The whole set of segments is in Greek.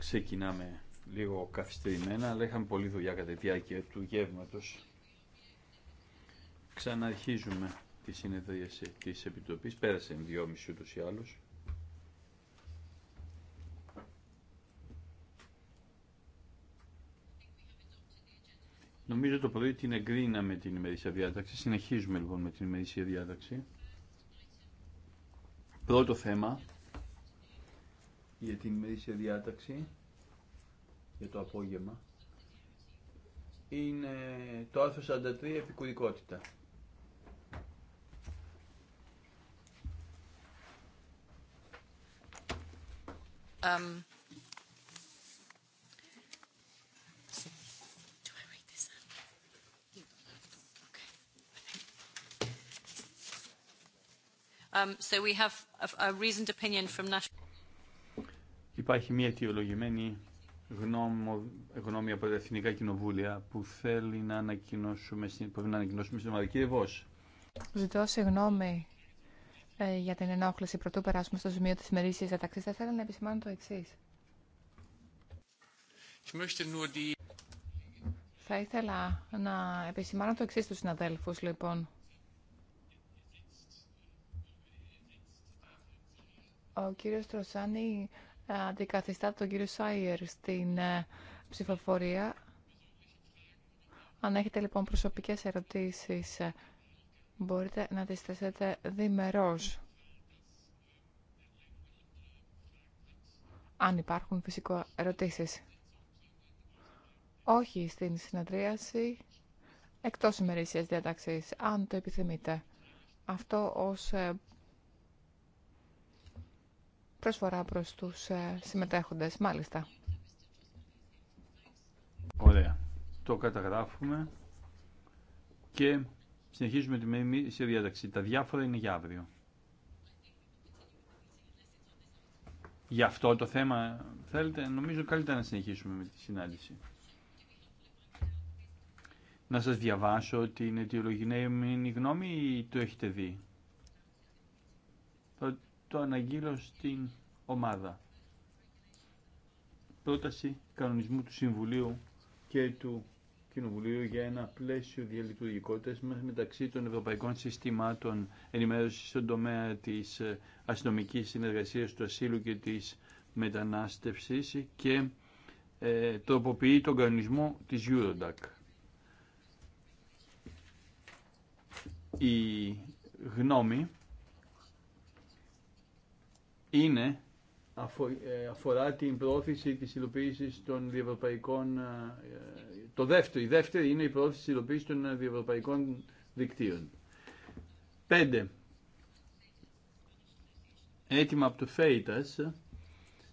Ξεκινάμε λίγο καθυστερημένα, αλλά είχαμε πολλή δουλειά κατά τη διάρκεια του γεύματος. Ξαναρχίζουμε τη συνεδρίαση τη επιτροπή. Πέρασε δυομίση ούτως ή άλλως. Νομίζω το πρωί την εγκρίναμε την ημερήσια διάταξη. Συνεχίζουμε λοιπόν με την ημερήσια διάταξη. Πρώτο θέμα για την μερίσια διάταξη για το απόγευμα είναι το άρθρο 43 επικουρικότητα. Um. Um, so we have Υπάρχει μια αιτιολογημένη γνώμη από τα Εθνικά Κοινοβούλια που θέλει να ανακοινώσουμε, που να ανακοινώσουμε στην Ομαδική Ευώς. Ζητώ συγγνώμη ε, για την ενόχληση πρωτού περάσουμε στο σημείο της μερίσιας διαταξής. Θα ήθελα να επισημάνω το εξή. Θα ήθελα να επισημάνω το εξή στους συναδέλφους, λοιπόν. Ο κύριος Τροσάνη ε, αντικαθιστά τον κύριο Σάιερ στην ε, ψηφοφορία. Αν έχετε λοιπόν προσωπικές ερωτήσεις, ε, μπορείτε να τις θέσετε διμερώς. Αν υπάρχουν φυσικό ερωτήσεις. Όχι στην συναντρίαση, εκτός ημερήσιας διαταξής, αν το επιθυμείτε. Αυτό ως προσφορά προς τους ε, συμμετέχοντες. Μάλιστα. Ωραία. Το καταγράφουμε και συνεχίζουμε τη διάταξη. Τα διάφορα είναι για αύριο. Για αυτό το θέμα θέλετε, νομίζω καλύτερα να συνεχίσουμε με τη συνάντηση. Να σας διαβάσω την αιτιολογημένη ναι, γνώμη ή το έχετε δει το αναγγείλω στην ομάδα. Πρόταση κανονισμού του Συμβουλίου και του Κοινοβουλίου για ένα πλαίσιο διαλειτουργικότητας μεταξύ των ευρωπαϊκών συστημάτων ενημέρωσης στον τομέα της ε, αστυνομικής συνεργασίας του ασύλου και της μετανάστευσης και ε, τροποποιεί τον κανονισμό της Eurodac. Η γνώμη είναι, ε, αφορά την πρόθεση της υλοποίησης των διευρωπαϊκών... Ε, το δεύτερο, η δεύτερη είναι η πρόθεση της υλοποίησης των ε, διευρωπαϊκών δικτύων. 5. Έτοιμα από το ΦΕΙΤΑΣ,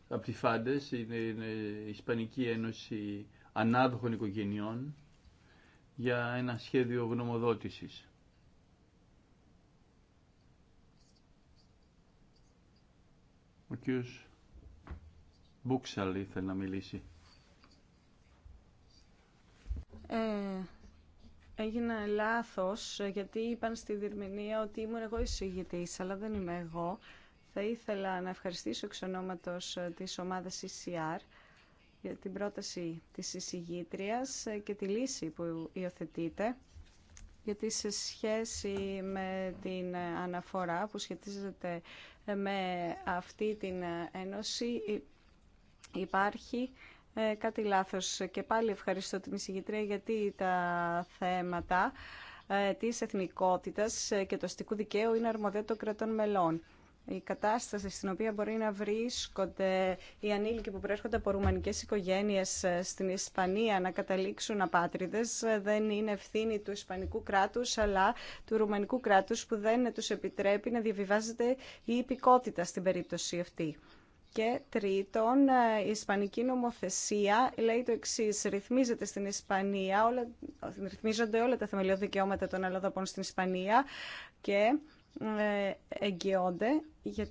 από τη ΦΑΝΤΕΣ, είναι η Ισπανική Ένωση Ανάδοχων Οικογενειών, για ένα σχέδιο γνωμοδότησης. Ο κύριος να μιλήσει. Ε, έγινε λάθος γιατί είπαν στη διερμηνία ότι ήμουν εγώ εισηγητής, αλλά δεν είμαι εγώ. Θα ήθελα να ευχαριστήσω εξ ονόματος ε, της ομάδας ECR για την πρόταση της εισηγήτριας ε, και τη λύση που υιοθετείτε γιατί σε σχέση με την αναφορά που σχετίζεται με αυτή την ένωση υπάρχει ε, κάτι λάθος. Και πάλι ευχαριστώ την εισηγητρία γιατί τα θέματα ε, της εθνικότητας και του αστικού δικαίου είναι αρμοδιότητα κρατών μελών η κατάσταση στην οποία μπορεί να βρίσκονται οι ανήλικοι που προέρχονται από ρουμανικές οικογένειες ε, στην Ισπανία να καταλήξουν απάτριδες ε, δεν είναι ευθύνη του Ισπανικού κράτους αλλά του Ρουμανικού κράτους που δεν τους επιτρέπει να διαβιβάζεται η υπηκότητα στην περίπτωση αυτή. Και τρίτον, ε, η Ισπανική νομοθεσία λέει το εξή. Ρυθμίζεται στην Ισπανία, όλα, ρυθμίζονται όλα τα θεμελιώδη δικαιώματα των αλλοδαπών στην Ισπανία και ε, εγγυώνται για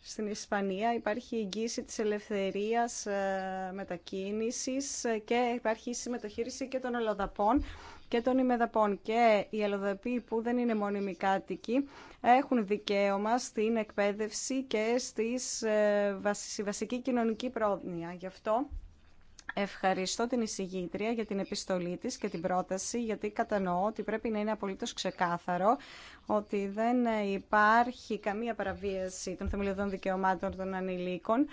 στην Ισπανία υπάρχει η εγγύηση της ελευθερίας ε, μετακίνησης ε, και υπάρχει η συμμετοχήριση και των ολοδαπών και των ημεδαπών και οι ελοδαποί που δεν είναι μόνιμοι κάτοικοι έχουν δικαίωμα στην εκπαίδευση και στη βασική κοινωνική πρόνοια. Γι' αυτό Ευχαριστώ την εισηγήτρια για την επιστολή της και την πρόταση, γιατί κατανοώ ότι πρέπει να είναι απολύτως ξεκάθαρο ότι δεν υπάρχει καμία παραβίαση των θεμελιωδών δικαιωμάτων των ανηλίκων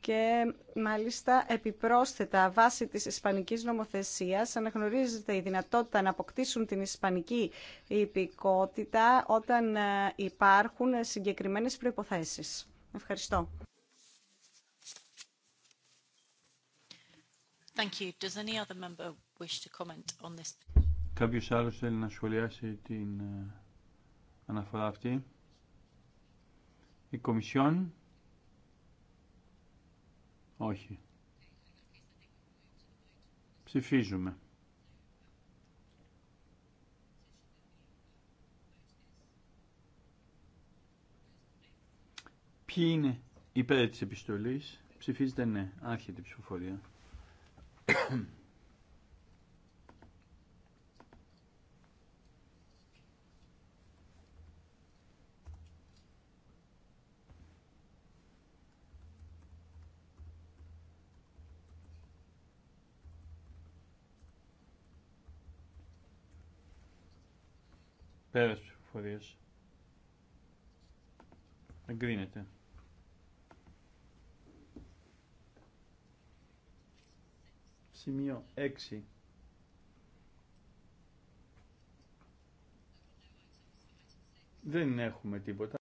και μάλιστα επιπρόσθετα βάσει της ισπανικής νομοθεσίας αναγνωρίζεται η δυνατότητα να αποκτήσουν την ισπανική υπηκότητα όταν ε, υπάρχουν συγκεκριμένες προϋποθέσεις. Ευχαριστώ. Thank you. Does any other member wish to comment on this? Κάποιος άλλος θέλει να σχολιάσει την ε, αναφορά αυτή. Η Κομισιόν. Όχι. Ψηφίζουμε. Ποιοι είναι υπέρ της επιστολής. Ψηφίζεται ναι. Άρχεται η ψηφοφορία. Πέρας ψηφοφορίας. Εγκρίνεται. Σημείο 6. Δεν έχουμε τίποτα.